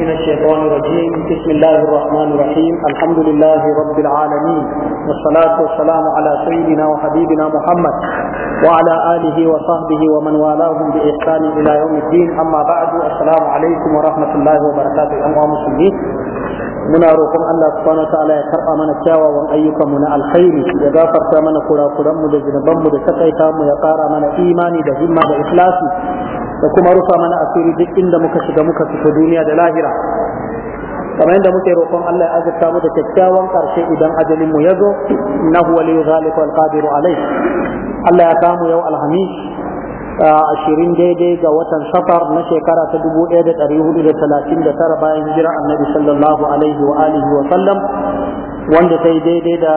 من الشيطان الرجيم بسم الله الرحمن الرحيم الحمد لله رب العالمين والصلاة والسلام على سيدنا وحبيبنا محمد وعلى آله وصحبه ومن والاهم بإحسان إلى يوم الدين أما بعد السلام عليكم ورحمة الله وبركاته أيها المسلمين muna roƙon Allah subhanahu wataala ya karɓa mana kyawawan ayyukanmu na alkhairi ya gafarta mana kurakuranmu da zunubanmu da takaita mu ya ƙara mana imani da himma da ikhlasi da kuma rufa mana asiri duk inda muka shiga muka fito duniya da lahira kamar yadda muke roƙon Allah ya azurta mu da kyakkyawan ƙarshe idan ajalin mu ya zo innahu waliyyu zalika al qadiru alayh Allah ya samu yau alhamis ashirin daidai ga watan safar na shekara ta dubu ɗaya da hudu da talatin da tara bayan hijira annabi sallallahu alaihi wa alihi wa sallam wanda ta yi daidai da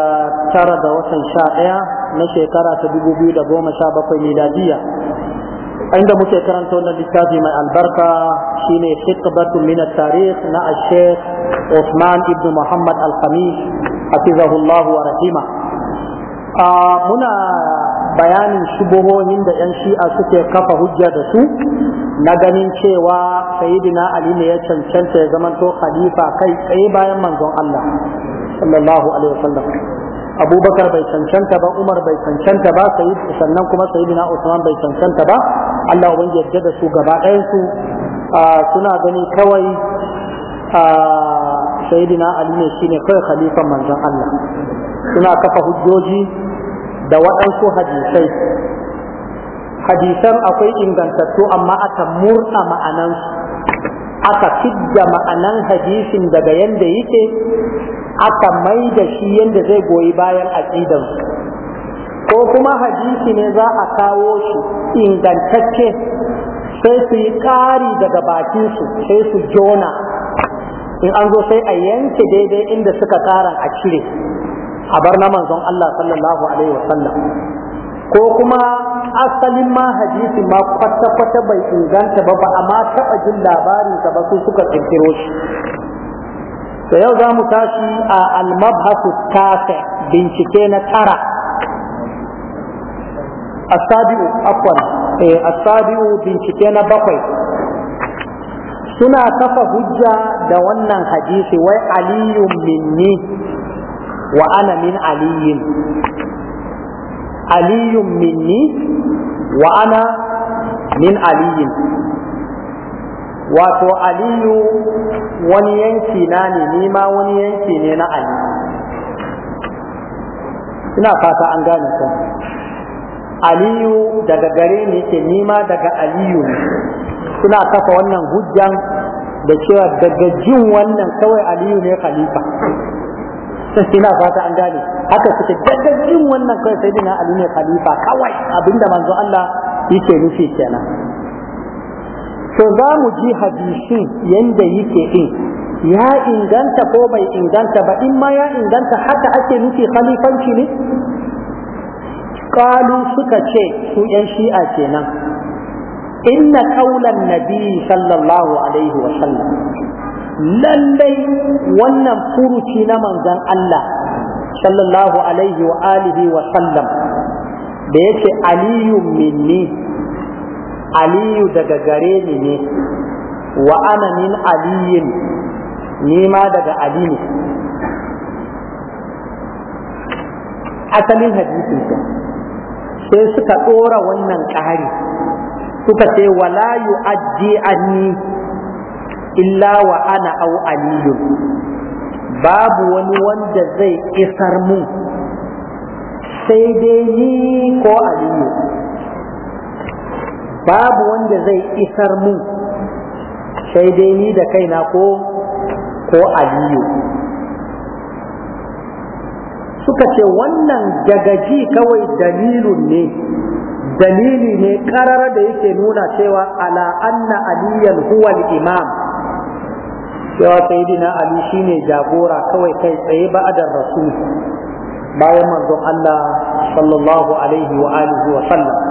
tara ga watan sha ɗaya na shekara ta dubu biyu da goma sha bakwai inda muke karanta wannan littafi mai albarka shine hikbatu min at-tarikh na al-sheikh Usman ibn Muhammad al-Khamis hafizahullahu wa rahima muna bayanin shubuhohin da yan shi'a suke kafa hujja da su na ganin cewa sayyidina Ali ne ya cancanta ya zamanto khalifa kai tsaye bayan manzon Allah sallallahu alaihi wasallam abubakar bai cancanta ba umar bai cancanta ba sannan kuma sayyidina usman bai cancanta ba Allah ubangi yadda da su gaba ɗayansu ah, suna gani kawai ah, sayyidina ali ne shine kawai khalifan manzon Allah suna kafa hujjoji da waɗansu hadisai hadisan akwai ingantattu amma aka murna ma'anansu aka fidda ma'anan hadisin daga yadda yake aka mai da shi yadda zai goyi bayan aqidan ko kuma hadisi ne za a kawo shi ingantacce sai su yi ƙari daga bakinsu sai su jona in an zo sai a yanke daidai inda suka ƙara a cire a bar na manzon Allah sallallahu alaihi wasallam ko kuma asalin ma hadisi ma kwata-kwata bai inganta ba ba amma taɓa jin labarinsa ba su suka ƙirƙiro shi to yau za mu tashi a almabhasu tafe bincike na tara asabi'u afwan eh asabi'u bincike na bakwai suna kafa hujja da wannan hadisi wai aliyun minni wa ana min aliyin aliyun minni wa ana min aliyin wato aliyu wani yanki na ne nima wani yanki ne na ali ina fata an gane ku aliyu daga gare ni ke nima daga aliyu ne suna kafa wannan hujjan da cewa daga jin wannan kawai aliyu ne khalifa ina fata an gane haka suke daga jin wannan kawai sai dina aliyu ne khalifa kawai abinda manzo Allah yake nufi kenan to za mu ji hadisin yanda yake din ya inganta ko bai inganta ba in ma ya inganta haka ake nufi khalifanci ne kalu suka ce su yan shi'a kenan inna qaulan nabi sallallahu alaihi wa sallam lallai wannan furuci na manzon Allah sallallahu alaihi wa alihi wa sallam da yake aliyu minni aliyu daga gare ni ne wa ana min aliyin ni ma daga ali ne asalin hadisin sai suka ɗora wannan ƙari suka ce wala ajji anni illa wa ana au aliyun babu wani wanda zai isar mu sai dai ni ko aliyu babu wanda zai isar mu sai dai ni da kaina ko ko aliyu suka ce wannan gagaji kawai dalilun ne dalili ne karara da yake nuna cewa ala anna aliyan huwa imam cewa saidina ali shine jagora kawai kai tsaye ba'adar rasul bayan manzon Allah sallallahu alaihi wa alihi wa sallam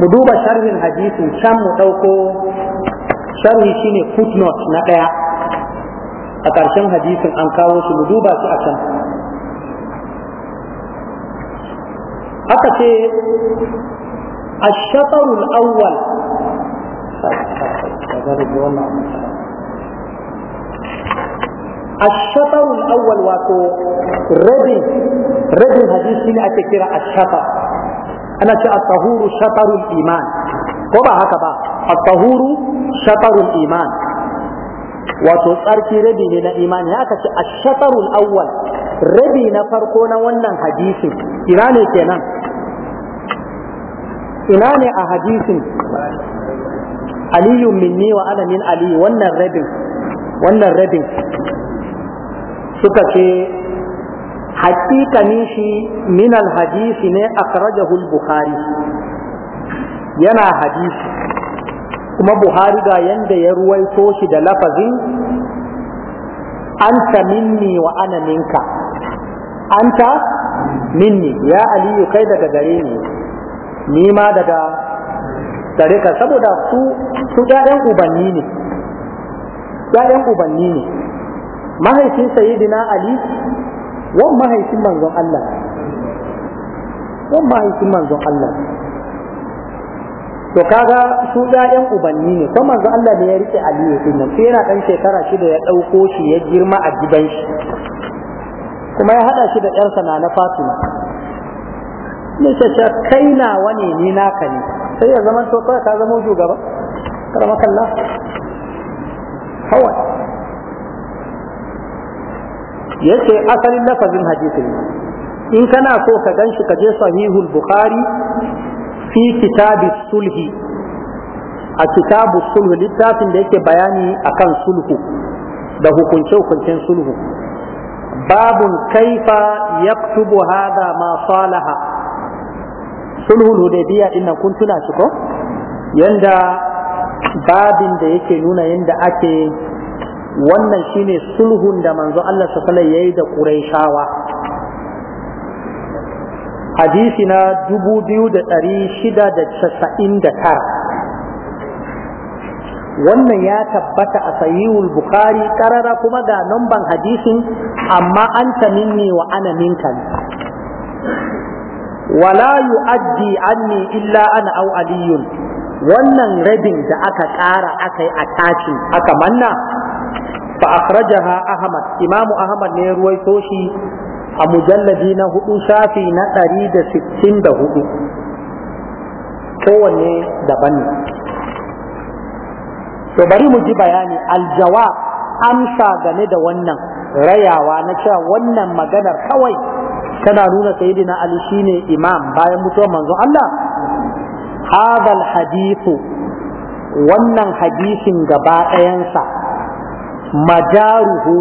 mu duba sharhin hadisin can mu ɗauko sharhi shine footnote na ɗaya a ƙarshen hadisin an kawo su mu duba su a can haka ce الشطر الأول الشطر الأول واتو ردي ردي الحديث اللي أتكرى الشطر ana ce at-tahuru shatarul iman ko ba haka ba at-tahuru shatarul iman wato tsarki rabi ne na imani haka ce ash-shatarul awwal rabi na farko na wannan hadisin ina ne kenan ina ne a hadisin aliyu minni wa ana min ali wannan rabin wannan rabin suka ce hakikanin shi min alhadisi ne a al-bukhari yana hadisi kuma buhari ga yanda ya ruwaito shi da lafazin anta minni wa ana minka anta minni ya aliyu kai daga gare ni ni ma daga gare ka saboda su su ɗayan ubanni ne ɗayan ubanni ne mahaifin sayyidina ali wan mahaifin manzon Allah wan mahaifin manzon Allah to kaga su ɗayan ubanni ne kuma manzon Allah ne ya rike Aliyu din nan sai yana dan shekara shida ya ɗauko shi ya girma a gidan shi kuma ya haɗa shi da ƴarsa na na Fatima ne ce kai nawa ne ni naka ne sai ya zama to ka zama shugaba karamakallah kawai yace asalin lafazin hadisin in kana so ka ganshi ka je sahihul bukhari fi kitabi sulhi a kitabu sulhu littafin da yake bayani akan sulhu da hukunce hukuncen sulhu babun kaifa yaktubu hadha ma salaha sulhul hudaybiya din nan kun tuna shi ko yanda babin da yake nuna yanda ake wannan shine sulhun da manzo Allah sallallahu alaihi yayi da Qurayshawa hadisi na 2699 wannan ya tabbata a sahihul bukhari karara kuma ga namban hadisin amma an minni wa ana minka wala yu'addi anni illa ana au aliyun wannan rabin da aka ƙara aka yi a tashi aka manna fa akhrajaha ahmad imamu ahmad ne ruwaito shi a mujalladi na hudu shafi na ɗari da sittin da hudu kowanne daban ne to bari mu ji bayani aljawab amsa game da wannan rayawa na cewa wannan maganar kawai tana nuna sayyidina ali shine imam bayan mutuwar manzon Allah hadal hadifu, wannan hadisin gaba ɗayansa Majaruhu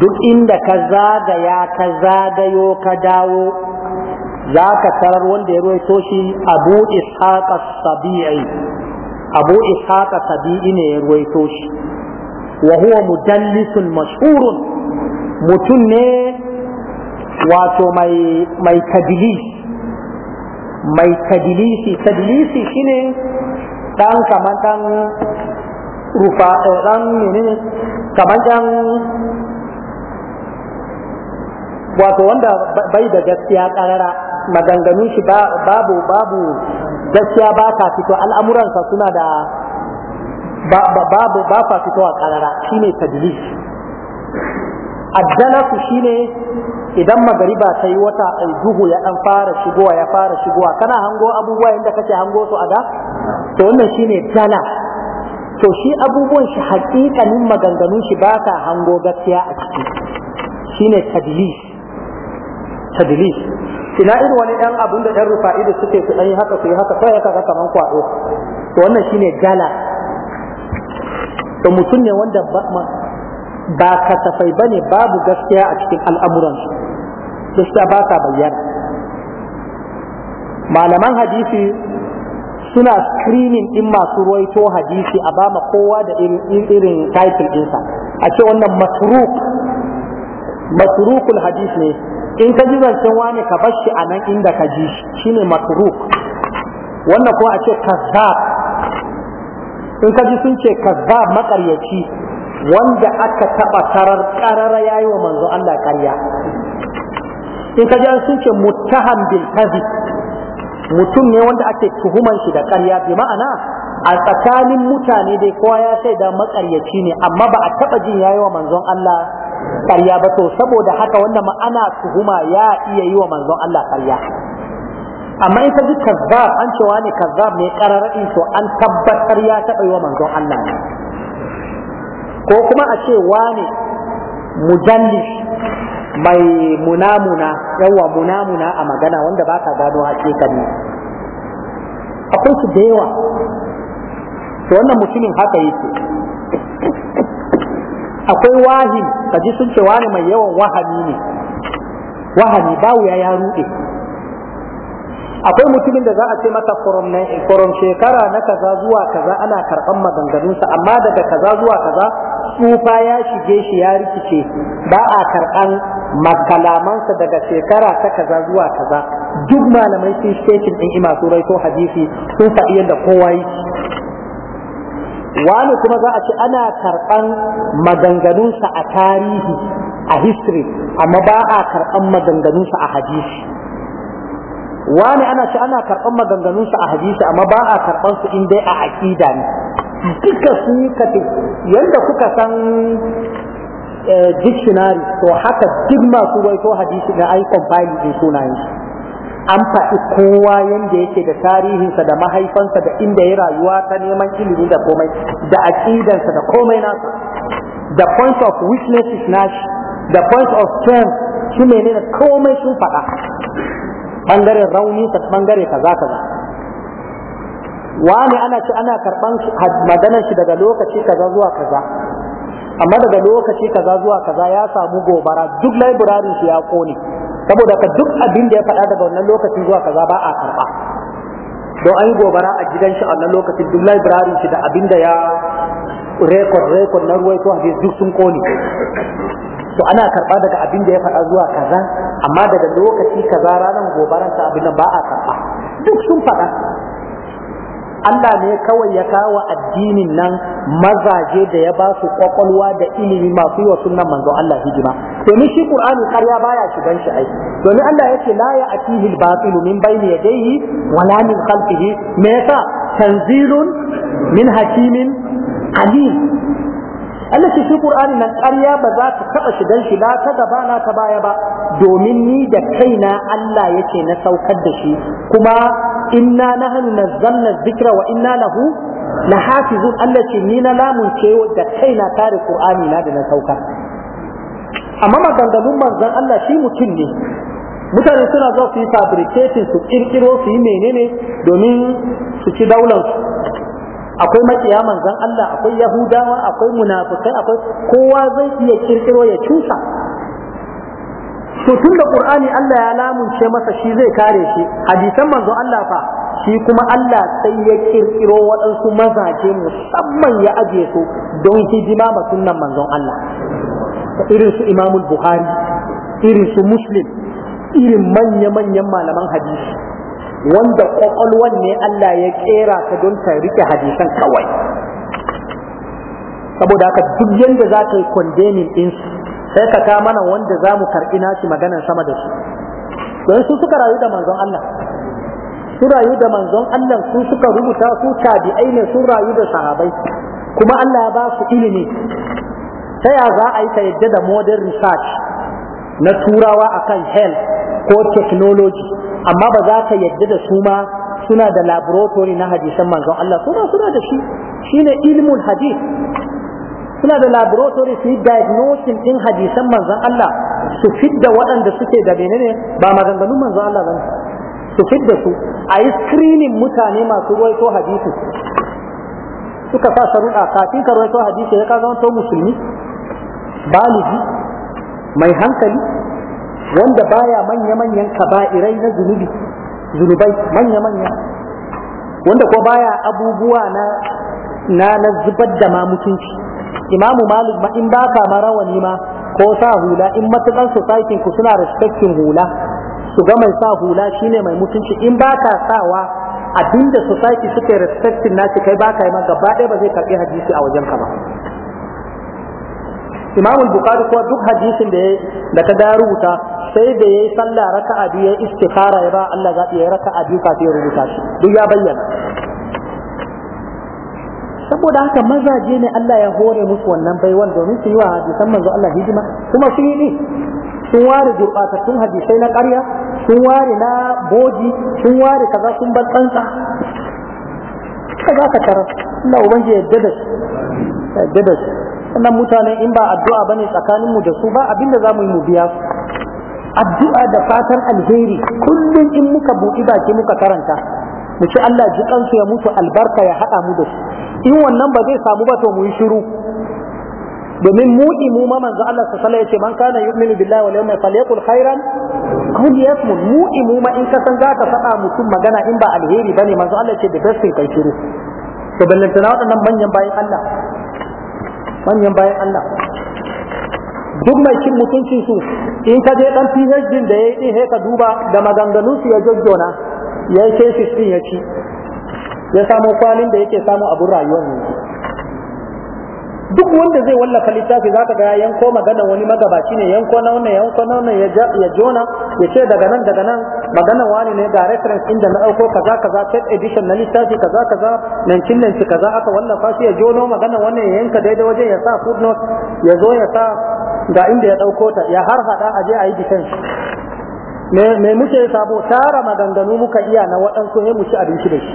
duk inda ka zagaya ka zagayo ka dawo za ka tarar wanda ya ruwaito shi abu ishaqa sabi'i abu ishaqa sabi'i ne ya ruwaito shi wa huwa mudallisun mashhurun mutum ne wato mai mai tadlis mai tadlisi tadlisi shine dan kaman dan rufa ɗan eh, menene kamar ɗan wato wanda bai da gaskiya ƙarara maganganun shi babu babu gaskiya ba ka fito al'amuransa suna da babu ba ka fito a ƙarara shine tadlis addalasu shine idan magariba ta yi wata duhu ya ɗan fara shigowa ya fara shigowa kana hango abubuwa yadda kake hango su a da to wannan shine dala to shi abubuwan shi haƙiƙanin maganganun shi ba ka hango gaskiya a ciki shine tadlis tadlis ina irin wani ɗan abun da ɗan rufa'i da suke su ɗanyi haka su yi haka kawai haka kaman kwaɗo to wannan shine gala to mutum ne wanda ba kasafai bane babu gaskiya a cikin al'amuransu gaskiya ba ka bayyana malaman hadisi suna screening din masu ruwaito hadisi a ba ma kowa da irin title ɗinsa a ce wannan masruk masrukul hadisi ne in ka ji zancen wani ka bar shi a nan inda ka ji shi shine masruk wannan kuma a ce kazzab in ka ji sun ce kazzab makaryaci wanda aka taba karar karara yayi wa manzo Allah karya in ka ji sun ce muttaham bil kadhib mutum ne wanda ake tuhuman shi da ƙarya bi ma'ana a tsakanin mutane dai kowa ya da maƙaryaci ne amma ba a taba jin yayi wa manzon Allah ƙarya ba to saboda haka wannan ma'ana tuhuma ya iya yi wa manzon Allah ƙarya amma in ka ji kazzab an cewa ne kazzab ne ƙararraɗi to an tabbatar ya taba yi wa manzon Allah ko kuma a ce wane mujallis mai munamuna yawa munamuna a magana wanda ba ka gano hakikani akwai su da yawa to wannan mutumin haka yake akwai ka kaji sun ce wani mai yawan wahani ne Wahani, ba wuya ya ruɗe akwai mutumin da za a ce mata Koron shekara na kaza zuwa kaza ana karɓan maganganunsa amma daga kaza zuwa kaza tsufa ya shige shi ya rikice ba a karɓan makalamansa daga shekara ta kaza zuwa kaza duk malamai sun shekin ɗin ima turai ko hadisi sun faɗi yadda kowa yi wani kuma za a ce ana karɓan maganganunsa a tarihi a history amma ba a karɓan maganganunsa a hadisi wani ana ce ana karɓar maganganunsa a hadisi amma ba a karɓar su in a aƙida ne duka su yi yadda kuka san eh, dictionary to haka duk masu waito hadisi na ai compile din sunayen shi an faɗi kowa yadda yake da tarihinsa da mahaifansa da inda ya rayuwa ta neman ilimi da komai da aƙidansa da komai nasa The point of is nashi The point of strength shi menene komai sun faɗa bangaren rauni ta bangare kaza kaza wani ana ci ana karban maganar shi daga lokaci kaza zuwa kaza amma daga lokaci kaza zuwa kaza ya samu gobara duk library shi ya kone saboda ka duk abin da ya faɗa daga wannan lokacin zuwa kaza ba a karba don an yi gobara a gidan shi a wannan lokacin duk library shi da abin da ya rekod rekod na ruwaito a duk sun kone to ana karɓa daga abin da ya faɗa zuwa kaza amma daga lokaci kaza ranar gobaran ta abin nan ba a duk sun faɗa Allah ne kawai ya kawo addinin nan mazaje da ya ba su kwakwalwa da ilimi masu yi wa sunan manzon Allah hidima domin shi Qur'ani karya baya shigan shi ai domin Allah yake la ya atihi al-batil min bayni yadayhi wa la min khalfihi me yasa tanzilun min hakimin alim Allah ce shi Qur'ani nan ƙarya ba za ta taɓa shigan shi na ta gaba na ta baya ba domin ni da kaina Allah yake na saukar da shi kuma inna nahnu nazzalna dhikra wa inna lahu lahafizun Allah ce ni na ke da kaina tare Qur'ani na da na saukar amma maganganun manzon Allah shi mutum ne mutane suna zo su yi fabricating su kirkiro su yi menene domin su ci daular akwai maƙiya manzan Allah akwai yahudawa akwai munafikai akwai kowa zai iya kirkiro ya cusa to tun da qur'ani Allah ya lamunce masa shi zai kare shi hadisan manzon Allah fa shi kuma Allah sai ya kirkiro waɗansu mazaje musamman ya aje su don hidima ma sunnan manzon Allah irin su Imam Bukhari irin su Muslim irin manya-manyan malaman hadisi wanda kwakwalwan ne Allah ya kera ta don ta rike hadisan kawai saboda haka duk yadda za ka yi kwandemin ɗinsu sai ka ka mana wanda za mu karɓi naci maganar sama da su don su suka rayu da manzon Allah su rayu da manzon Allah su suka rubuta su tabi'ai ne sun rayu da sahabai kuma Allah ya ba su ilimi ta ya za a yi ta yadda da modern research na turawa akan health ko technology amma ba za ka yadda da su ma suna da laboratory na hadisan manzon Allah suna suna da shi shine ilmul hadith suna da laboratory su yi din hadisan manzon Allah su fidda waɗanda suke da menene ba maganganun manzon Allah ba su fidda su a yi screening mutane masu ruwaito hadisi suka sa sharuɗa kafin ka ruwaito hadisi ya ka zama to musulmi baligi mai hankali wanda baya manya-manyan kaba'irai na zunubi zunubai manya-manya wanda ko baya abubuwa na na na zubar da ma mutunci imamu malik ma in ba ka marawani ma ko sa hula in matukan society ku suna respecting hula su ga mai sa hula shine mai mutunci in ba ka sawa abinda society suke respecting nashi kai ba ka yi ma gaba ɗaya ba zai karɓi hadisi a wajen ka ba imamul bukari kuwa duk hadisin da da ka da rubuta sai da ya yi sallah raka a biyu yayi istikhara ya ba Allah zaɓi raka a biyu kafin ya rubuta shi duk ya bayyana saboda haka mazaje ne Allah ya hore musu wannan baiwan domin su yi wa hadisan manzo Allah hidima kuma su yi sun ware gurɓatattun hadisai na ƙarya sun ware na boji sun ware kaza sun bar tsantsa ka za ka tarar Allah ubangiji ya dada su ya dada su wannan mutane in ba addu'a ba ne tsakaninmu da su ba abinda za mu yi mu biya su addu'a da fatan alheri kullum in muka buɗi baki muka karanta mu ci Allah ji kansu ya mutu albarka ya haɗa mu da su in wannan ba zai samu ba to mu yi shiru domin mu imu ma manzo Allah ta sallaya ce man kana yu'minu billahi wal yawmil falyakul khairan aw liyasmut mu imu ma in ka san za ka faɗa mutum magana in ba alheri bane manzo Allah ce da best kai shiru to ballantana waɗannan manyan bayan Allah manyan bayan Allah duk mai cin mutuncin su in ka je dan PhD da yayi din in ka duba da maganganun su ya jojjona ya yi thesis din ya ci ya samu kwalin da yake samu abun rayuwar ne duk wanda zai wallafa littafi zaka ga yanko magana wani magabaci ne yanko na wannan yanko na wannan ya jona ya ce daga nan daga nan magana wani ne ga reference inda na dauko kaza kaza third edition na littafi kaza kaza nan shi kaza aka wallafa shi ya jono magana wannan ya yanka daidai wajen ya sa footnote ya zo ya sa ga inda ya ɗauko ta ya har haɗa a je a yi bikin me muke sabo tara maganganu muka iya na waɗansu ne mu ci abinci da shi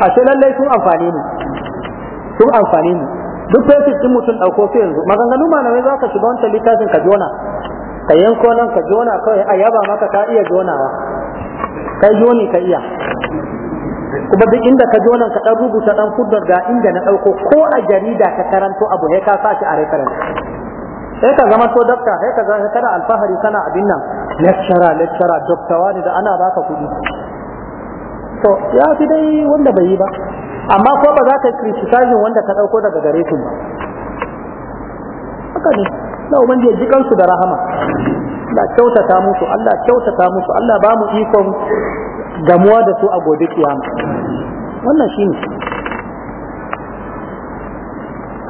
a ce lallai sun amfani ni. sun amfani mu duk fesif din mutum ɗauko su yanzu maganganu ma malamai za ka shiga wancan littafin ka jona ka yanko nan ka jona kawai a yaba maka ka iya jonawa kai joni ka iya kuma duk inda ka jona ka ɗan rubuta ɗan fuddar ga inda na ɗauko ko a jarida ka karanto abu ya ka sa shi a reference sai ka zama to dakta sai ka zama kana alfahari kana abin nan lecturer lecturer doktawa ne da ana baka kuɗi to ya fi dai wanda bai yi ba amma ko ba za ka criticizing wanda ka ɗauko daga gare su ba haka ne na ubangiji ji kansu da rahama Allah kyautata musu Allah kyautata musu Allah ba mu ikon gamuwa da su a gobe kiyama wannan shine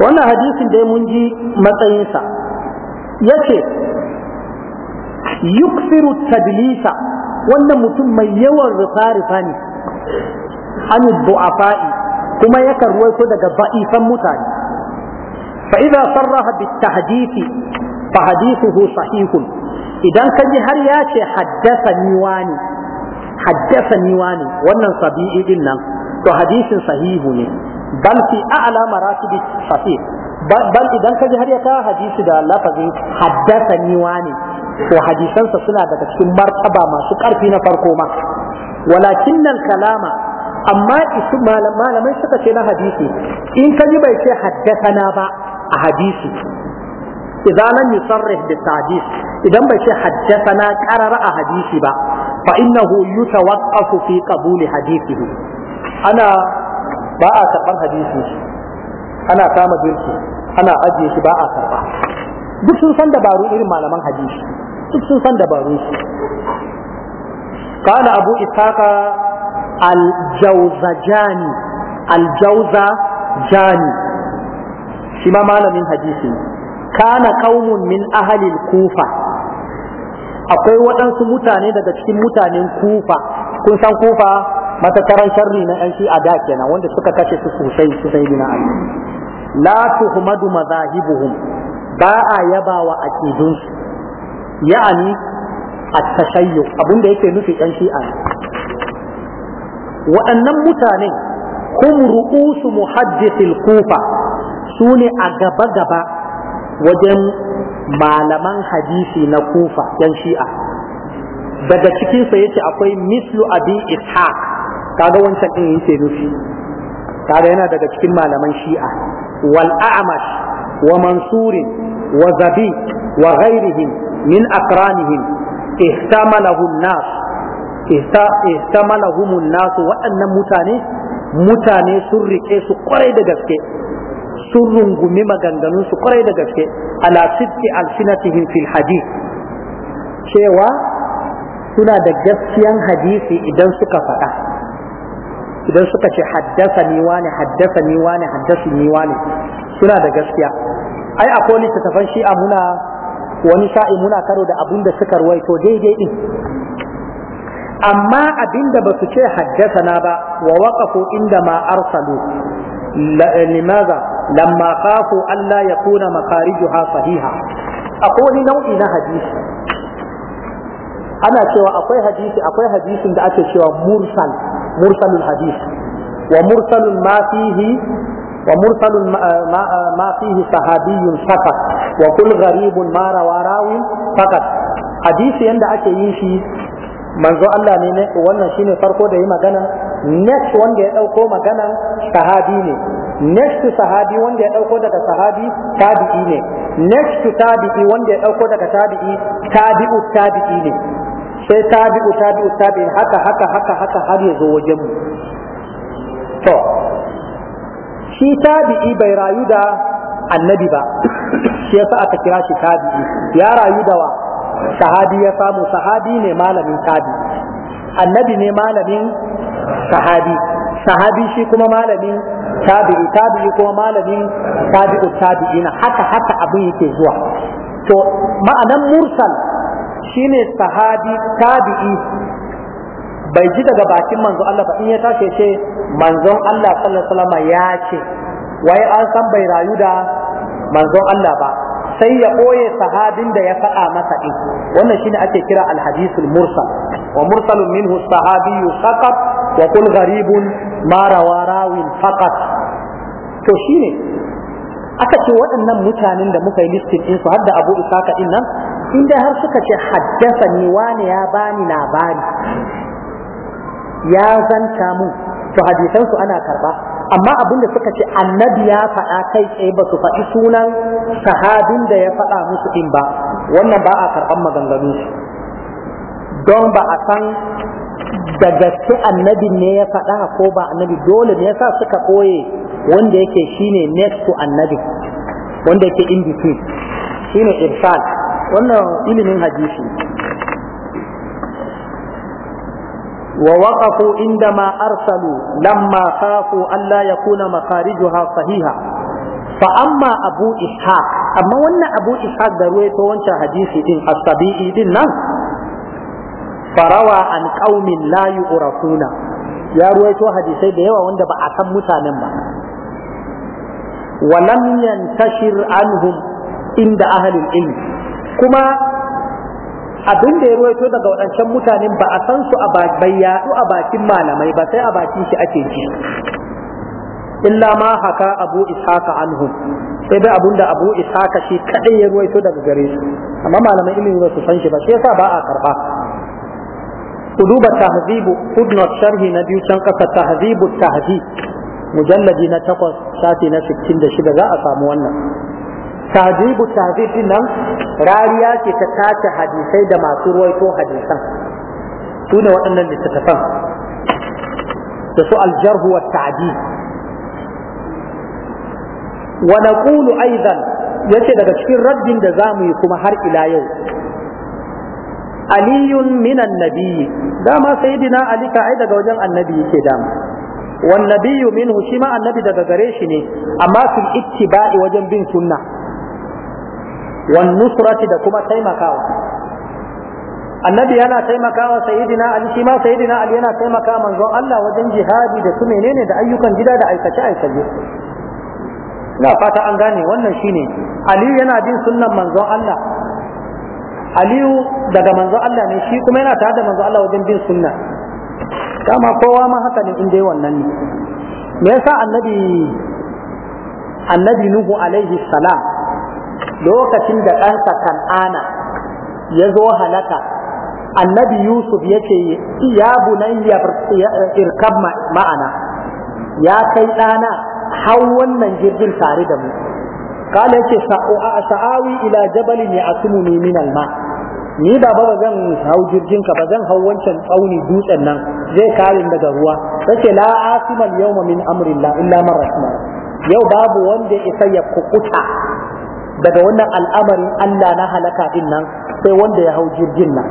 wannan hadisin dai mun ji matsayinsa yace yuksiru tadlisa wannan mutum mai yawan rufa-rufa ne an du'afa'i kuma yakan ruwaito daga ba'ifan mutane fa idza sarraha bit tahdisi fa hadithuhu sahihun idan ka ji har ya ce haddasa wani haddasa wani wannan sabi'i din nan to hadisin sahihu ne bal fi a'la maratib sahih ban idan ka ji har ya kawo hadisi da lafazi haddasa ni wani to hadisansa suna daga cikin martaba masu ƙarfi na farko ma walakin nan kalama amma isu malamai suka ce na hadisi in ka ji bai ce na ba a hadisi idan lam yusarrih bi ta'dil idan bai ce na qarara a hadisi ba fa innahu yutawaqqafu fi qabuli hadisihi ana ba a karban hadisi ana kama girki ana ajiye shi ba a karba duk sun san dabaru irin malaman hadisi duk sun san dabaru shi kana abu Isaka al-jawzajani al-jawzajani shi ma malamin hadisi kana qaumun min ahli kufa akwai waɗansu mutane daga cikin mutanen kufa kun san kufa matakaran sharri na yan shi'a da kenan wanda suka kashe su sosai su sai dina ali la tuhmadu mazahibuhum ba a yaba wa aqidunsu a at-tashayyu abinda yake nufi yan shi'a waɗannan mutane hum ru'usu muhaddithil kufa sune a gaba gaba wajen malaman hadisi na kufa yan shi'a daga cikin sa yace akwai mislu abi ishaq kaga wancan din yake nufi kaga yana daga cikin malaman shi'a wal a'mash wa mansur wa zabi wa ghairihim min aqranihim ihtamalahu an-nas ihtamalahum an-nas waɗannan mutane mutane sun rike su kwarai da gaske sun rungumi maganganun su kwarai da gaske ala sidqi alsinatihim fil hadith cewa suna da gaskiyan hadisi idan suka faɗa idan suka ce haddasa ni wani haddasa ni wani haddasa ni wani suna da gaskiya ai akwai littattafan shi'a muna wani sa'i muna karo da abin da suka ruwaito daidai din amma abin da ba su ce haddasa na ba wa waƙafu inda ma arsalu eh, limaza lamma qafu Allah ya kuna ha sahiha akwai wani nau'i na hadisi ana cewa akwai hadisi akwai hadisin da ake cewa mursal مرسل الحديث wa ما فيه ومرسل ما فيه صحابي فقط وكل غريب ما روى راوي فقط حديث ake yin shi manzo Allah ne wannan shine farko da yi magana next wanda ya dauko magana sahabi ne next sahabi wanda ya dauko daga sahabi tabi'i ne next tabi'i wanda ya dauko daga tabi'i tabi'u tabi'i ne sai tabi'u tabi'u tabi'in haka haka haka haka har ya zo wajen mu to shi tabi'i bai rayu da annabi ba shi yasa aka kira shi tabi'i ya rayu da wa sahabi ya samu sahabi ne malamin tabi'i annabi ne malamin sahabi sahabi shi kuma malamin tabi'i tabi'i kuma malamin tabi'u tabi'ina haka haka abin yake zuwa to ma'anan mursal shine sahabi tabi'i bai ji daga bakin manzo Allah ba in ya tashi ce manzo Allah sallallahu alaihi wasallam ya ce wai an san bai rayu da manzo Allah ba sai ya ɓoye sahabin da ya faɗa masa din. wannan shine ake kira alhadisul mursal wa mursalun minhu sahabiyyu faqat wa qul gharibun ma rawa rawin faqat to shine aka ce waɗannan mutanen da muka yi listin ɗinsu har da Abu Isaka ɗin nan in da har suka ce haddasa ni wani ya bani labari ya zanta mu to hadisansu ana karba amma abin da suka ce annabi ya faɗa kai tsaye ba su faɗi sunan sahabin da ya faɗa musu din ba wannan ba a karɓar maganganu don ba a san da gaske annabi ne ya faɗa ko ba annabi dole ne yasa suka ɓoye wanda yake shine next to annabi wanda yake in between shine irsal wannan ilimin hadisi wa waqafu indama arsalu lamma khafu alla yakuna makharijuha sahiha fa amma abu ishaq amma wannan abu ishaq da ruwaito wancan hadisi din as-sabi'i din nan farawa an qaumin la yu'rafuna ya ruwaito hadisai da yawa wanda ba a san mutanen ba wa lam yantashir anhum inda ahlul ilm kuma abin da ya ruwaito daga waɗancan mutanen ba a san su a bai yaɗu a bakin malamai ba sai a bakin shi ake ji illa ma haka abu ishaka anhu sai dai abunda abu ishaka shi kadai ya ruwaito daga gare su amma malamai ilimi ba su san shi ba shi yasa ba a karba قلوب تهذيب فدنة شرح نبي شنقة تهذيب التهذيب مجلد نتقص شاتي نسك تند شبه لا أصام ونم تهذيب التهذيب نم rariya ce ta tace hadisai da masu ruwaito hadisan su ne waɗannan littattafan da su aljarhu wa ta'adi wa Aizan ya yace daga cikin raddin da mu yi kuma har ila yau aliyun minan nabiyyi dama sayyidina ali ka ai daga wajen annabi yake dama wan minhu shi ma annabi daga gare shi ne amma su ittiba'i wajen bin sunna wan nusrati da kuma taimakawa annabi yana taimakawa sayyidina ali shi ma sayyidina ali yana taimaka manzon Allah wajen jihadi da su menene da ayyukan gida da aikace aikace na fata an gane wannan shine aliyu yana bin sunnan manzon Allah aliyu daga manzon Allah ne shi kuma yana tare da manzon Allah wajen bin sunna dama kowa ma haka ne in dai wannan ne me yasa annabi annabi nuhu alaihi salam lokacin da ɗansa kan'ana ya zo halaka annabi yusuf ya ce ya bunayya irkab ma'ana ya kai ɗana hau wannan jirgin tare da mu kala yake sa'awi ila jabalin ya ne min alma' ni da ba zan hau jirgin ka ba zan hau wancan tsauni dutsen nan zai kare daga ruwa sace la asimal yawma min amrillah illa man rahima yau babu wanda isa ya kukuta daga wannan al'amarin Allah na halaka din nan sai wanda ya hau jirgin nan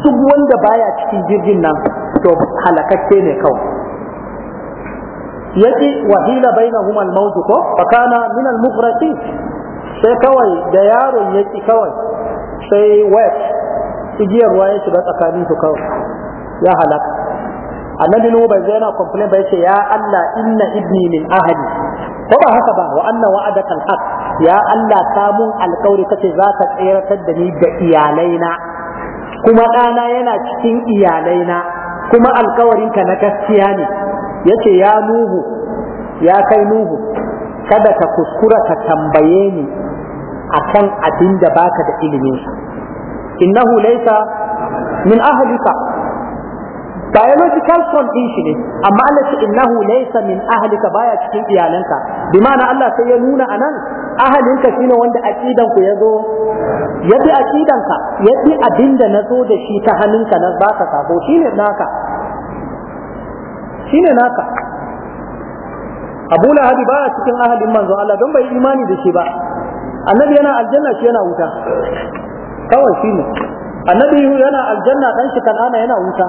duk wanda baya cikin jirgin nan to halakakke ne kawai yaji wahila bainahum al-maut ko fa kana min al sai kawai da yaron yaki kawai sai wet igiyar ruwa ya shiga tsakanin su kawai ya halaka annabi nuhu bai zai yana complain bai ce ya Allah inna ibni min ahli ko ba haka ba wa anna wa'adaka ya Allah samun alƙawari kace za ka tseratar da ni da iyalaina kuma ɗana yana cikin iyalaina kuma alƙawarinka na gaskiya ne yace ya nuhu ya kai nuhu kada ka kuskura ka tambaye ni akan abin da baka da ilimin sa innahu laysa min ahlika biological condition shi ne amma Allah ce innahu laysa min ahlika baya cikin iyalanka bi Allah sai ya nuna anan ahalinka shine wanda aqidan ku yazo Yafi aqidan ka yabi abinda nazo da shi ta hannunka na baka sako shine naka shine naka Abu Lahab baya cikin ahalin manzo Allah don bai imani da shi ba annabi yana aljanna shi yana wuta kawai shine annabi yana aljanna dan shi kanana yana wuta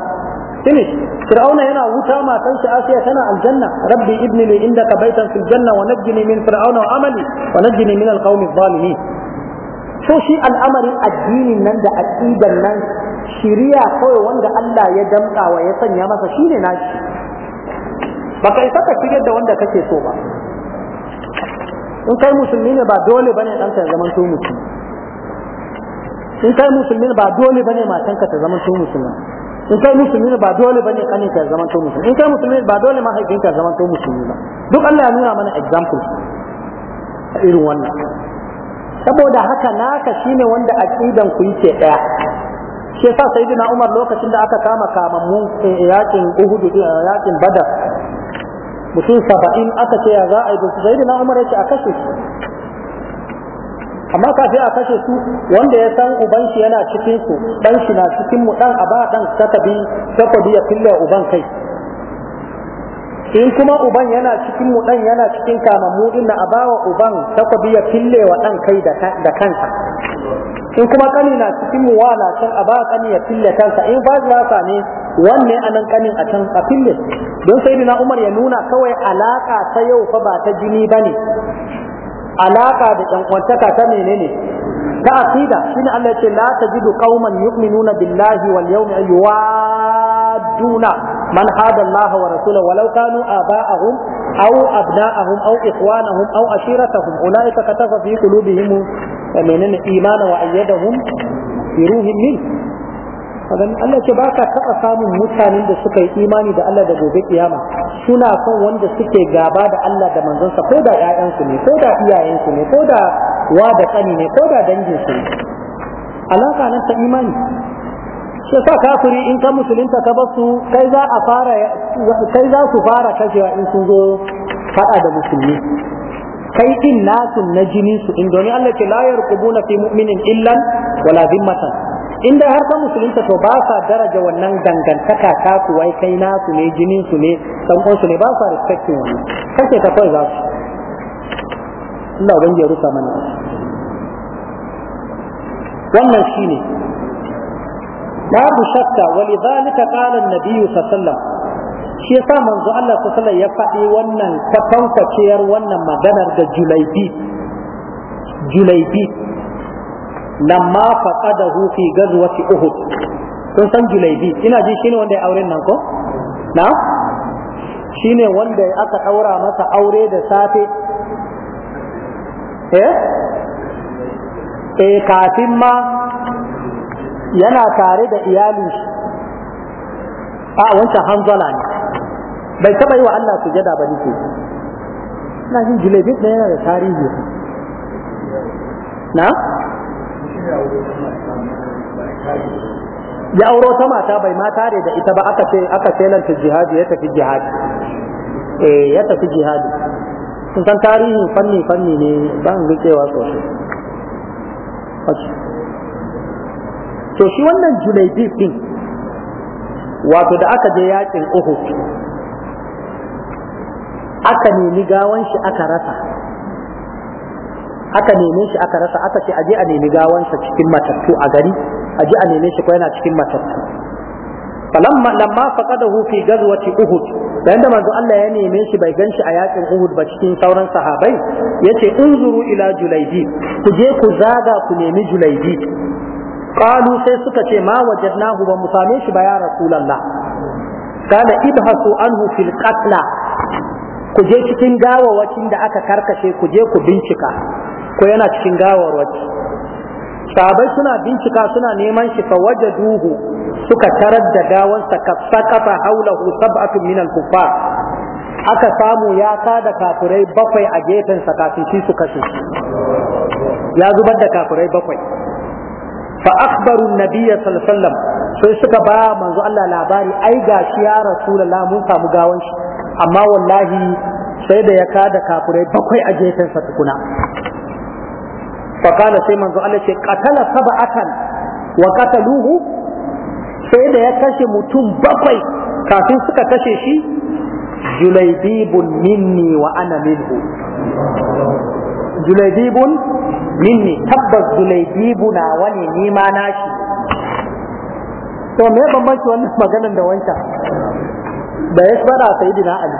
finish fir'auna yana wuta matan shi asiya tana aljanna rabbi ibni li indaka baitan fil janna wa najjini min fir'auna wa amali wa najjini min alqawmi adh-dhalimin so shi al'amarin addinin nan da aqidan nan shiriya kawai wanda Allah ya damƙa wa ya sanya masa shine nashi baka isa ka shigar da wanda kake so ba in kai musulmi ne ba dole bane ɗanka ya zama to musulmi in kai musulmi ba dole bane matanka ta zama to musulma in kai musulmi ba dole bane kanin ya zaman to musulmi in kai musulmi ba dole mahaifin ka zaman to musulmi ba duk Allah ya nuna mana example a irin wannan saboda haka naka shine wanda aqidan ku yake daya shi yasa sayyidina Umar lokacin da aka kama kamammun eh, yakin Uhud eh, yakin Badar mutum saba'in aka ce ya za a yi sayyidina Umar ya ce a kashe shi. amma kafin a kashe su wanda ya san uban shi yana cikin su dan shi na cikin mu dan aba dan sakabi sakabi ya killa uban kai in kuma uban yana cikin mu dan yana cikin kamammu din na abawa uban sakabi ya fille wa dan kai da kansa in kuma kani na cikin mu wala can aba kani ya fille kansa in ba ya same wanne anan kanin a can a fille don sai na umar ya nuna kawai alaka ta yau fa ba ta jini bane alaka da ɗan uwantaka ta menene ta aqida shine Allah ce la tajidu qauman yu'minuna billahi wal yawmi yuwadduna man hada Allah wa rasulahu walau kanu aba'ahum aw abna'ahum aw ikhwanahum aw ashiratahum ulaika katafa fi qulubihim eh, menene imana wa ayyadahum bi ruhin min ka Allah ce ba ka taɓa samun mutanen da suka yi imani da Allah da gobe kiyama suna son wanda suke gaba da Allah da manzonsa ko da 'ya'yansu ne ko da iyayensu ne ko da wa da tsani ne ko da danginsu ne alaka nan ta imani Sai sa kafiri in ka musulunta ka bar su kai za a fara kai za su fara kashewa in sun zo fada da musulmi kai in nasu na jinin su in domin Allah ke la yarqubuna fi mu'minin illan wala zimmatan in dai har ka musulunta to ba sa daraja wannan dangantaka ta su wai kai na su ne jinin su ne sankon su ne ba sa respectin wannan kake ta kawai za su Allah ban ya rusa mana wannan shine babu shakka walidhalika qala an-nabiy sallallahu alaihi wasallam shi yasa manzo Allah sallallahu ya faɗi wannan kafankaciyar wannan maganar da Julaibi Julaibi lamma faqadahu fi ghazwati uhud kun san julaibi ina ji shine wanda ya auren nan ko na shine wanda aka daura masa aure da safe eh eh kafin ma yana tare da iyalin shi a wancan hanzala ne bai taba yi wa Allah sujada ba nake ina jin julaibi da yana da tarihi na ya auro ta mata bai ma tare da ita ba aka ce aka ta jihadi ya tafi jihadi eh ya tafi jihadi sun san tarihin fanni fanni ne ban rikewa sosai to shi wannan Julai din wato da aka je yakin uhud aka nemi gawan shi aka rasa aka neme shi aka rasa aka ce aje a nemi gawansa cikin matattu a gari aje a neme shi ko yana cikin matattu falamma lamma faqadahu fi gazwati uhud da da manzo Allah ya neme shi bai ganshi a yakin uhud ba cikin sauran sahabbai yace unzuru ila julaidi ku je ku zaga ku nemi julaidi qalu sai suka ce ma wajadnahu ba mu same shi ba ya rasulullah kana ibhasu anhu fil qatla ku je cikin gawawacin da aka karkashe ku je ku bincika ko yana cikin gawar gawarwaki sahabai suna bincika suna neman shi fa waje duhu suka tarar da gawansa kafsa kafa haulahu min al-kufar aka samu ya da kafirai bakwai a gefensa kafin shi su kashe shi ya zubar da kafirai bakwai fa akhbaru an-nabiy sallallahu alaihi wasallam sai suka ba manzo Allah labari ai shi ya rasulullah mun samu gawan shi amma wallahi sai da ya kada kafirai bakwai a gefensa tukuna faƙala sai manzo Allah ce qatala sab'atan wa qataluhu sai da ya kashe mutum bakwai kafin suka kashe shi julaibibun minni wa ana minhu julaibibun minni tabbas julaibibuna wani nima nashi to me bambanci wannan da wancan da ya ali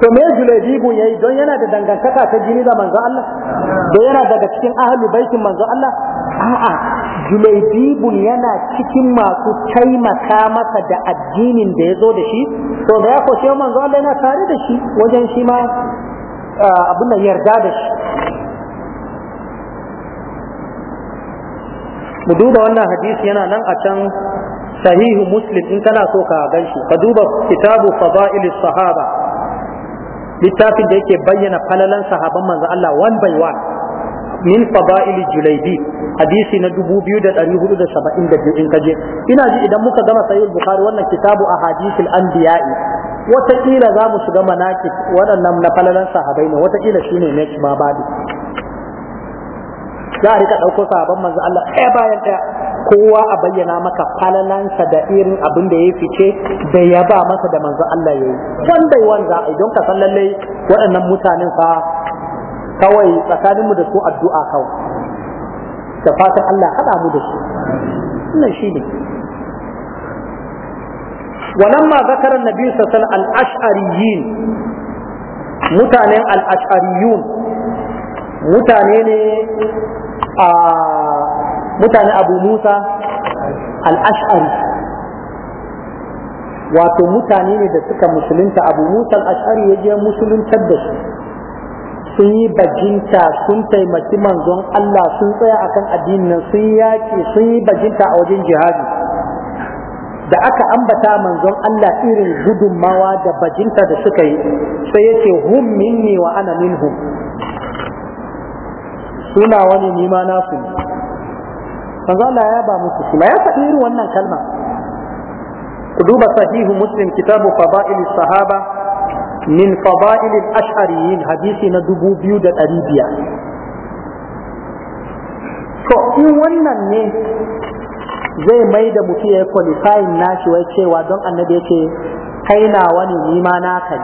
to me Julaibibu yayi don yana da dangantaka ta jini da manzo Allah don yana daga cikin ahli, baikin manzo Allah a'a Julaibibu yana cikin masu taimaka masa da addinin da ya zo da shi to da ya koshe manzo Allah yana tare da shi wajen shi ma abin da yarda da shi mu duba wannan hadisi yana nan a can sahihu muslim in kana so ka gan shi ka duba kitabu fada'il sahaba littafin da yake bayyana falalan sahaban manzo Allah one by one min fadaili julaybi hadisi na 2472 in kaje ina ji idan muka gama sahih bukhari wannan kitabu ahadithul anbiya'i wataƙila za mu shiga manaki waɗannan na falalan sahabai ne kila shine ne ma za a rika ɗauko sahabban manzo Allah ɗaya bayan ɗaya kowa a bayyana maka falalansa da irin abin da ya fice da ya ba masa da manzo Allah ya yi can dai wanda idan ka san lallai waɗannan mutanen fa kawai tsakaninmu da su addu'a kawai da fatan Allah haɗa mu da su wannan shi ne ولما ذكر النبي صلى الله عليه وسلم الأشعريين متعلن الأشعريون mutane ne a mutane abu musa wato mutane ne da suka musulunta abu musa al'ash'ari ya je musuluntar da su sun yi bajinta sun taimaki manzon Allah sun tsaya akan addinin sun yaƙi sun yi bajinta a wajen jihadi da aka ambata manzon Allah irin gudunmawa da bajinta da suka yi sai yace hum minni wa ana minhum suna wani nima nasu ne Allah ya ba musu shi ya faɗi irin wannan kalma ku duba sahihu muslim kitabu fada'il sahaba min fada'il al-ash'ariyin hadisi na dubu biyu da biyar. to in wannan ne zai mai da mutum ya kwalifayin nashi wai cewa don annabi yake kai nawa wani nima naka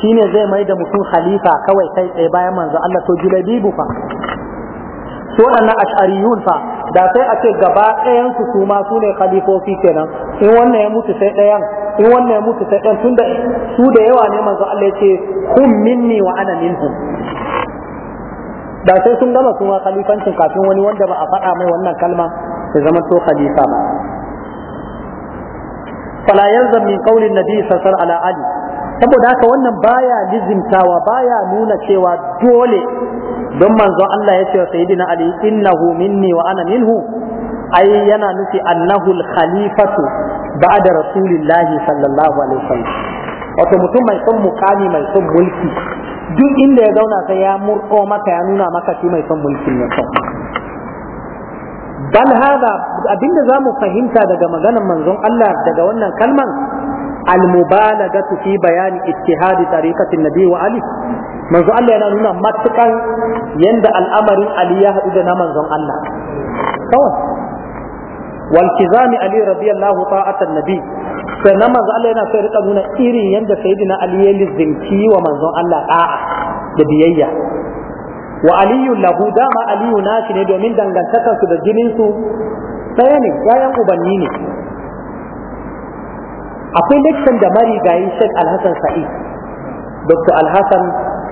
Shi ne zai mai da mutum khalifa kawai kai tsaye bayan manzo Allah to bibu fa su waɗannan ash'ariyun fa da sai a ce gaba ɗayan su su ma su ne khalifofi kenan in wannan ya mutu sai ɗayan in wannan ya mutu sai ɗayan tunda su da yawa ne manzo Allah ya ce kun minni wa ana minhum da sai sun gama suma khalifancin kafin wani wanda ba a faɗa mai wannan kalma ya zama to khalifa ba fala yalzam min qawli nabi sallallahu alaihi ala ali saboda haka wannan baya lizimtawa baya nuna cewa dole don manzon Allah ya ce wa sayyidina Ali innahu minni wa ana minhu ai yana nufi annahu al-khalifatu ba'da rasulillahi sallallahu alaihi wasallam wato mutum mai son mukami mai son mulki duk inda ya zauna sai ya murko maka ya nuna maka shi mai son mulki ne dan hada abinda zamu fahimta daga maganar manzon Allah daga wannan kalman المبالغة bayani بيان اجتهاد طريقة النبي وعلي manzo Allah yana nuna matukan yanda al'amarin Ali ya haɗu da na manzon Allah kawai wal kizami Ali radiyallahu ta'atan nabi sai na manzo yana sai rika nuna irin yanda sayyidina Ali ya lizinci wa manzon Allah da'a da biyayya wa aliyu lahu dama aliyu nashi ne domin dangantakarsu da jinin ɗaya ne yayan ubanni ne akwai lecture da marigayi shek Alhassan Sa'id Dr. Alhassan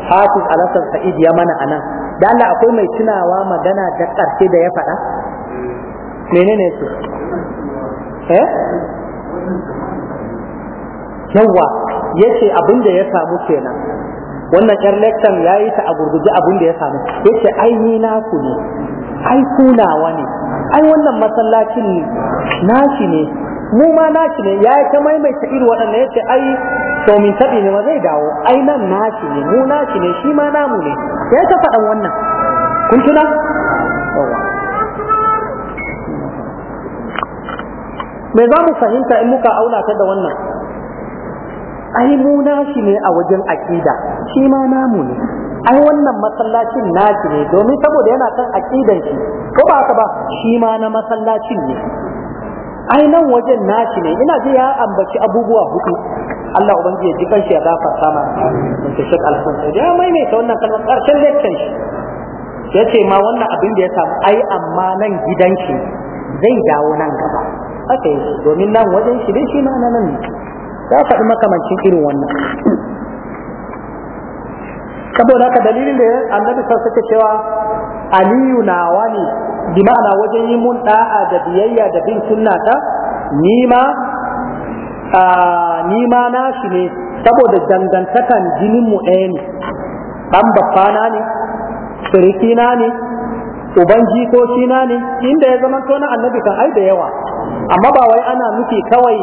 Hafiz Alhassan Sa'id ya mana anan da Allah akwai mai tunawa magana da ƙarfe da ya faɗa menene su eh yawa ce abin da ya samu kenan wannan yar lecture ya yi ta a abin da ya samu ce ai ni naku ne ai kunawa ne ai wannan masallacin ne, nashi ne mu ma nashi ne ya ta maimaita iri waɗanda ya ce ai to min taɓi ne ma zai dawo ai nan nashi ne mu nashi ne shi ma namu ne ya ta faɗan wannan kun tuna me za mu fahimta in muka auna ta da wannan ai mu nashi ne a wajen aƙida shi ma namu ne ai wannan masallacin nashi ne domin saboda yana kan aƙidan shi ko ba haka ba shi ma na masallacin ne ai nan wajen nashi ne ina ji ya ambaci abubuwa hudu Allah ubangiji ya ji kanshi ya gafarta ma da Sheikh Alfonso ya maimaita wannan kalmar karshen lecture shi ce ma wannan abin da ya samu ai amma nan gidanki zai dawo nan gaba aka yi domin nan wajen shi dai shi na nan ne ya faɗi makamancin irin wannan saboda haka dalilin da annabi sallallahu alaihi cewa aliyu nawa ne bi ma'ana wajen yi mun da'a da biyayya da bin sunna ta nima nima na shi ne saboda dangantakan jinin mu ɗaya ne ɗan na ne na ne uban na ne inda ya zama tona annabi kan ai da yawa amma ba wai ana nufi kawai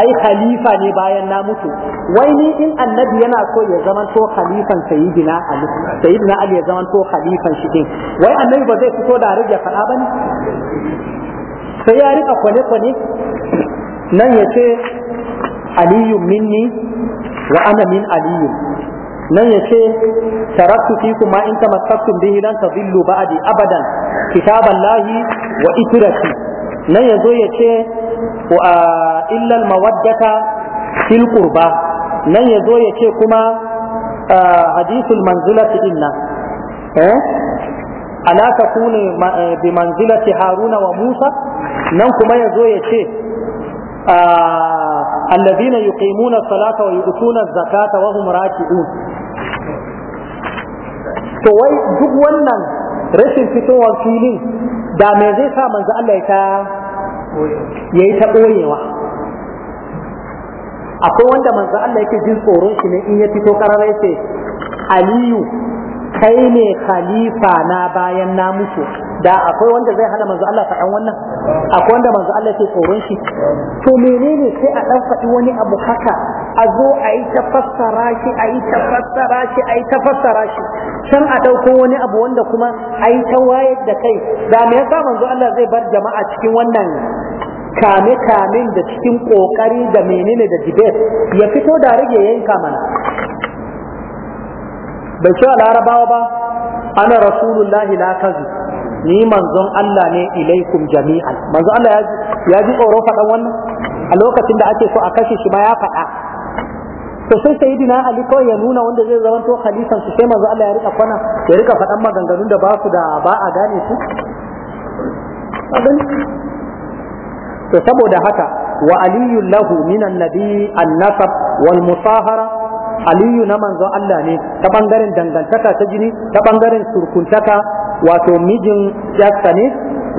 ai khalifa ne bayan na mutu wai ni in annabi yana so ya zaman to khalifan sayyidina ali sayyidina ali ya zaman to khalifan shi din wai annabi ba zai fito da rage faɗa ne? sai ya rika kwane-kwane nan ya ce aliyu minni wa ana min aliyu nan ya ce taraktu fikum ma in tamassaktum bihi lan tadillu ba'di abadan kitaballahi wa itrati nan yazo ya ce illal mawaddata fil qurba nan yazo ya ce kuma hadithul manzilati inna eh ala takunu eh, bi manzilati haruna wa musa nan kuma yazo ya ce alladhina yuqimuna salata wa yu'tuna zakata wa hum raki'un to wai duk wannan rashin fitowar filin da me zai sa manzo Allah ya ta ya yi ta ɓoyewa akwai wanda manzo Allah yake jin tsoron shi ne in ya fito karara yace aliyu kai ne khalifa na bayan na mutu da akwai wanda zai hana manzo Allah faɗan wannan akwai wanda manzo Allah ke tsoron shi to menene sai a dan faɗi wani abu haka a zo a yi ta fassara shi a yi ta fassara shi a yi ta fassara shi can a ɗauko wani abu wanda kuma a yi ta wayar da kai da me yasa manzo Allah zai bar jama'a cikin wannan kame kamin da cikin kokari da menene da debate ya fito da rage yanka mana bai ce larabawa ba ana rasulullahi la kazu ni manzon Allah ne ilaikum jami'an manzon Allah ya ji tsoro faɗan wannan a lokacin da ake so a kashe shi ma ya faɗa to sai sayyidina Ali kawai ya nuna wanda zai zama to khalifan su sai manzon Allah ya rika kwana ya rika faɗan maganganun da ba su da ba a gane su to saboda haka wa aliyu lahu minan nabi an-nasab wal musahara aliyu na manzon Allah ne ta bangaren dangantaka ta jini ta bangaren surkuntaka wato mijin Jasta ne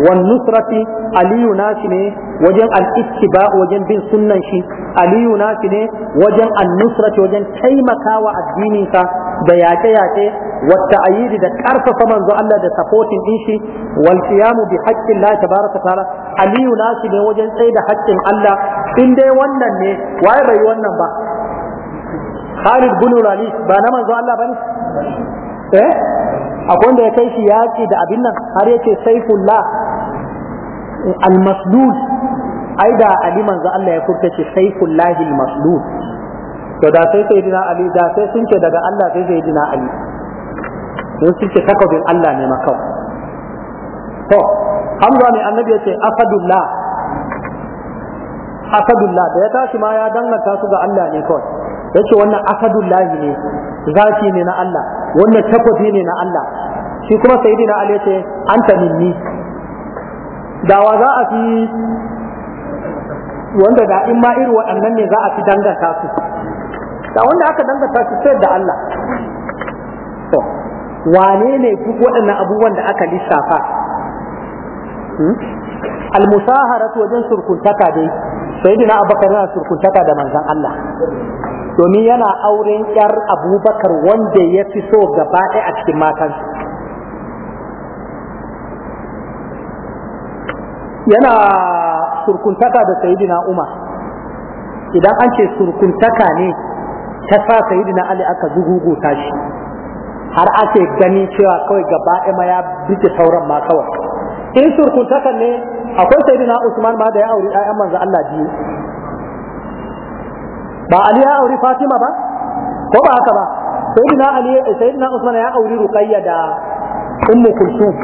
wan nusrati aliyu nashi ne wajen al-ittiba wajen bin sunnan shi aliyu nashi ne wajen an-nusrati wajen taimakawa addinin sa da yaƙe yaƙe wata ayyidi da ƙarfafa manzo Allah da supporting din shi wal qiyamu bi haqqin Allah tabaraka ta'ala aliyu nashi ne wajen tsaida haƙƙin Allah in dai wannan ne waye bai wannan ba Khalid bin Walid ba na manzo Allah bane eh akwai wanda ya kai shi yaƙi da abin nan har yake saifullah al-maslul ai da ali manzo Allah ya furta ce saifullah al-maslul to da sai sayyidina ali da sai sun ce daga Allah sai sayyidina ali don sun ce takobin Allah ne makawa to hamza ne annabi ya ce asadullah asadullah da ya tashi ma ya danganta su ga Allah ne kawai ya ce wannan asadullah ne zafi ne na Allah wannan takwafi ne na Allah shi kuma na Ali ce an ta minni dawa za a fi wanda da in ma irin waɗannan ne za a fi danganta su da wanda aka danganta su sai da Allah to wane ne duk waɗannan abubuwan da aka lissafa hmm? al-musaharatu wajen surkuntaka dai na Abubakar na surkuntaka da manzon Allah domin yana auren yar abubakar wanda ya fi so gaba ɗaya a cikin matansu yana surkuntaka da sayidina umar idan an ce surkuntaka ne ta sa sayidina ali aka zuguguta shi har ake gani cewa kawai gaba ɗaya ma ya bice sauran ma kawai in surkuntaka ne akwai sayidina usman ma da ya auri 'ya'yan manzo Allah biyu ba ali ya auri fatima ba ko ba haka ba sayyidina ali sayyidina usman ya auri ruqayya da ummu kulsum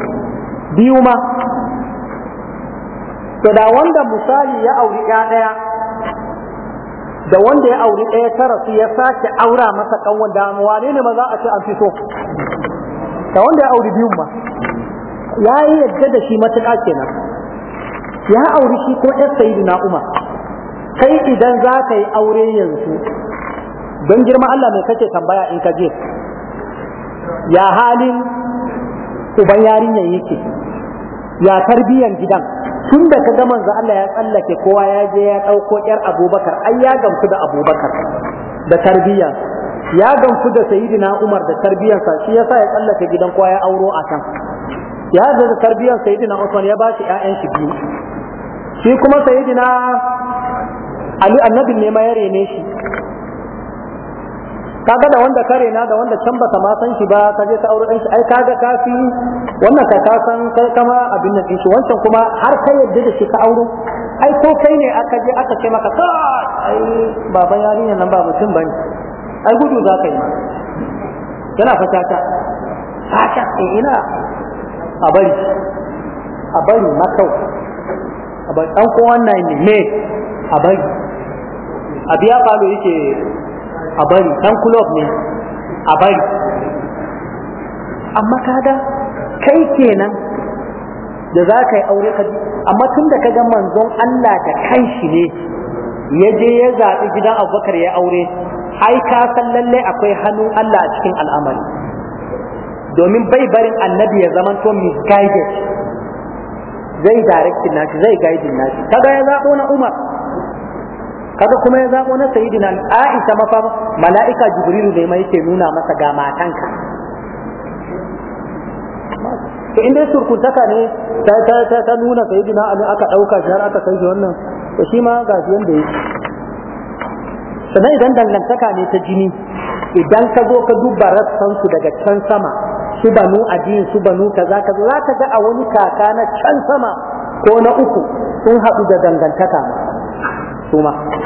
biyu ma to da wanda misali ya auri ya daya da wanda ya auri ɗaya ta rasu ya sake aura masa kanwan da wane ne ma za a ce an fi so da wanda ya auri biyun ma ya yi yadda da shi matuƙa kenan ya auri shi ko ɗan na umar kai idan za ka yi aure yanzu don girma Allah mai kake tambaya in ka je ya halin uban yarinyar yake ya tarbiyyar gidan tun da ka gama za Allah ya tsallake kowa ya je ya ɗauko ƴar abubakar ai ya gamsu da abubakar da tarbiyyar ya gamsu da sayidina umar da tarbiyyarsa shi ya sa ya tsallake gidan kowa ya auro a can ya zai tarbiyyar sayidina usman ya ba shi 'ya'yan shi biyu shi kuma sayidina ali annabin ne ma ya rene shi kaga da wanda kare na da wanda can baka ma san shi ba ka je ka aure ɗan shi ai kaga kafi wannan ka ka san kai kama abin nan shi wancan kuma har kai yadda da shi ka aure ai ko kai ne aka je aka ce maka ka ai baban yarinya nan ba mutum bane ai gudu za ka yi yana fatata fata ce ina a bari a bari makau a bari dan ko wannan ne a bari a ya falo yake a bari dan club ne a bari amma kaga kai kenan da za ka yi aure ka amma tun da kaga manzon Allah da kanshi ne ya je ya zaɓi gidan abubakar ya aure ai ka san lalle akwai hannun Allah a cikin al'amari domin bai barin annabi ya zama to misguided zai direction nashi zai guiding nashi kaga ya zaɓo na Umar kaga kuma ya zabo na sayyidina Aisha mafa mala'ika Jibril ne mai yake nuna masa ga matanka to inda surkuntaka ne ta ta ta, ta nuna sayyidina Ali aka dauka shi har aka kai shi wannan to shi ma ga shi wanda yake sannan idan dangantaka ne ta jini idan ka zo ka duba rassan su daga can sama su banu adin su banu kaza kaza za ka ga a wani kaka na can sama ko na uku sun haɗu da dangantaka Suma. ma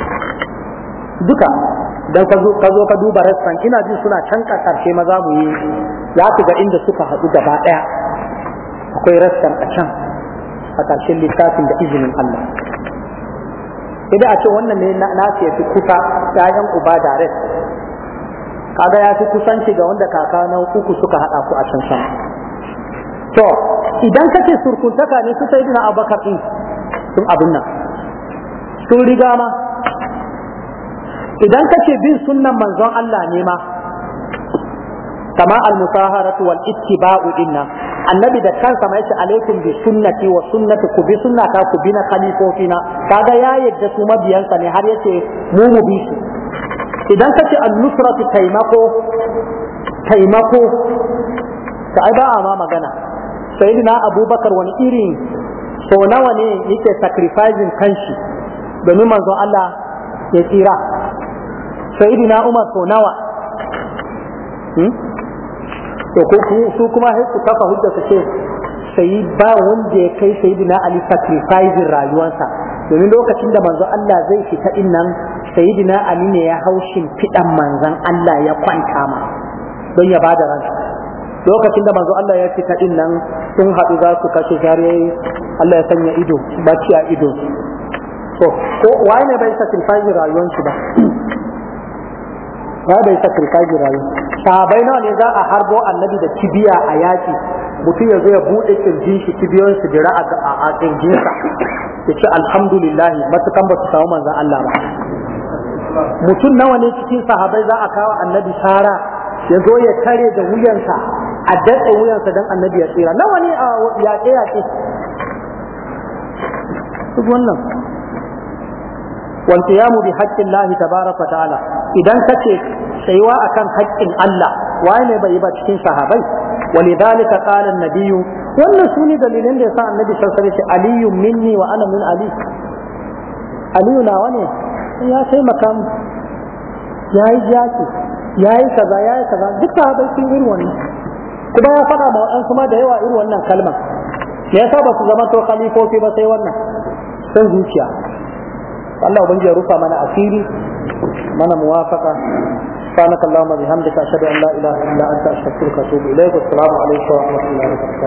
duka dan ka zo ka duba rassan ina jin suna can karshe maza mu yi ya ku ga inda suka haɗu gaba ɗaya akwai rassan a can a ƙarshen littafin da izinin Allah idan a ce wannan ne na ya fi kusa ƴaƴan uba direct kaga ya fi kusanci ga wanda kaka na uku suka haɗa ku a can sama to idan kake surkuntaka ne su sai dina abakar din sun abin nan sun riga ma idan kace bin sunnan manzon Allah ne ma kama al-musaharatu wal ittiba'u inna annabi da kansa ma ce, alaikum bi sunnati wa sunnati ku bi sunnata ku bi na khalifofina kaga ya yadda su mabiyansa ne har yace mu mu bi su idan kace an-nusratu taimako taimako ta ai ba a ma magana sayyidina abubakar wani irin so nawa ne yake sacrificing kanshi domin manzon Allah ya tsira sayyidina umar so nawa hmm? to ko su kuma sai su kafa hujja su ce sai ba wanda ya kai sayyidina ali sacrifice rayuwarsa domin lokacin da manzo Allah zai fita din nan sayyidina ali ne ya haushin fidan manzon Allah ya kwanta ma don ya bada ransa lokacin da manzo Allah ya fita din nan sun haɗu za su kashe jarirai Allah ya sanya ido baki a ido so ko waye ne bai sacrifice rayuwar shi ba ba bai sacrifice rayuwar sabai nawa ne za a harbo annabi da kibiya a yaki mutum ya zo ya buɗe kirjin shi kibiyoyin su jira a kirjin sa ya ce alhamdulillahi matukan ba su samu manzan Allah ba mutum nawa ne cikin sahabai za a kawo annabi sara ya zo ya kare da wuyansa a datse wuyansa don annabi ya tsira nawa ne a yaƙe yaƙe duk wannan wal qiyamu bi haqqillah tabaraka ta'ala idan kace tsayuwa akan haƙƙin Allah waye ne bai ba cikin sahabai walidhalika qala an-nabiy wannan sune dalilan da yasa annabi sallallahu alaihi wasallam aliyu minni wa ana min ali aliyu nawa ne ya sai makam yayi jaki yayi kaza yayi kaza duk sahabai sun irin wannan kuma ya faɗa ma waɗansu ma da yawa irin wannan kalma me yasa ba su zama to khalifofi ba sai wannan sun zuciya Allah ubangiji ya rufa mana asiri mana muwafaka سبحانك اللهم وبحمدك اشهد ان لا اله الا انت استغفرك واتوب اليك والسلام عليكم ورحمه الله وبركاته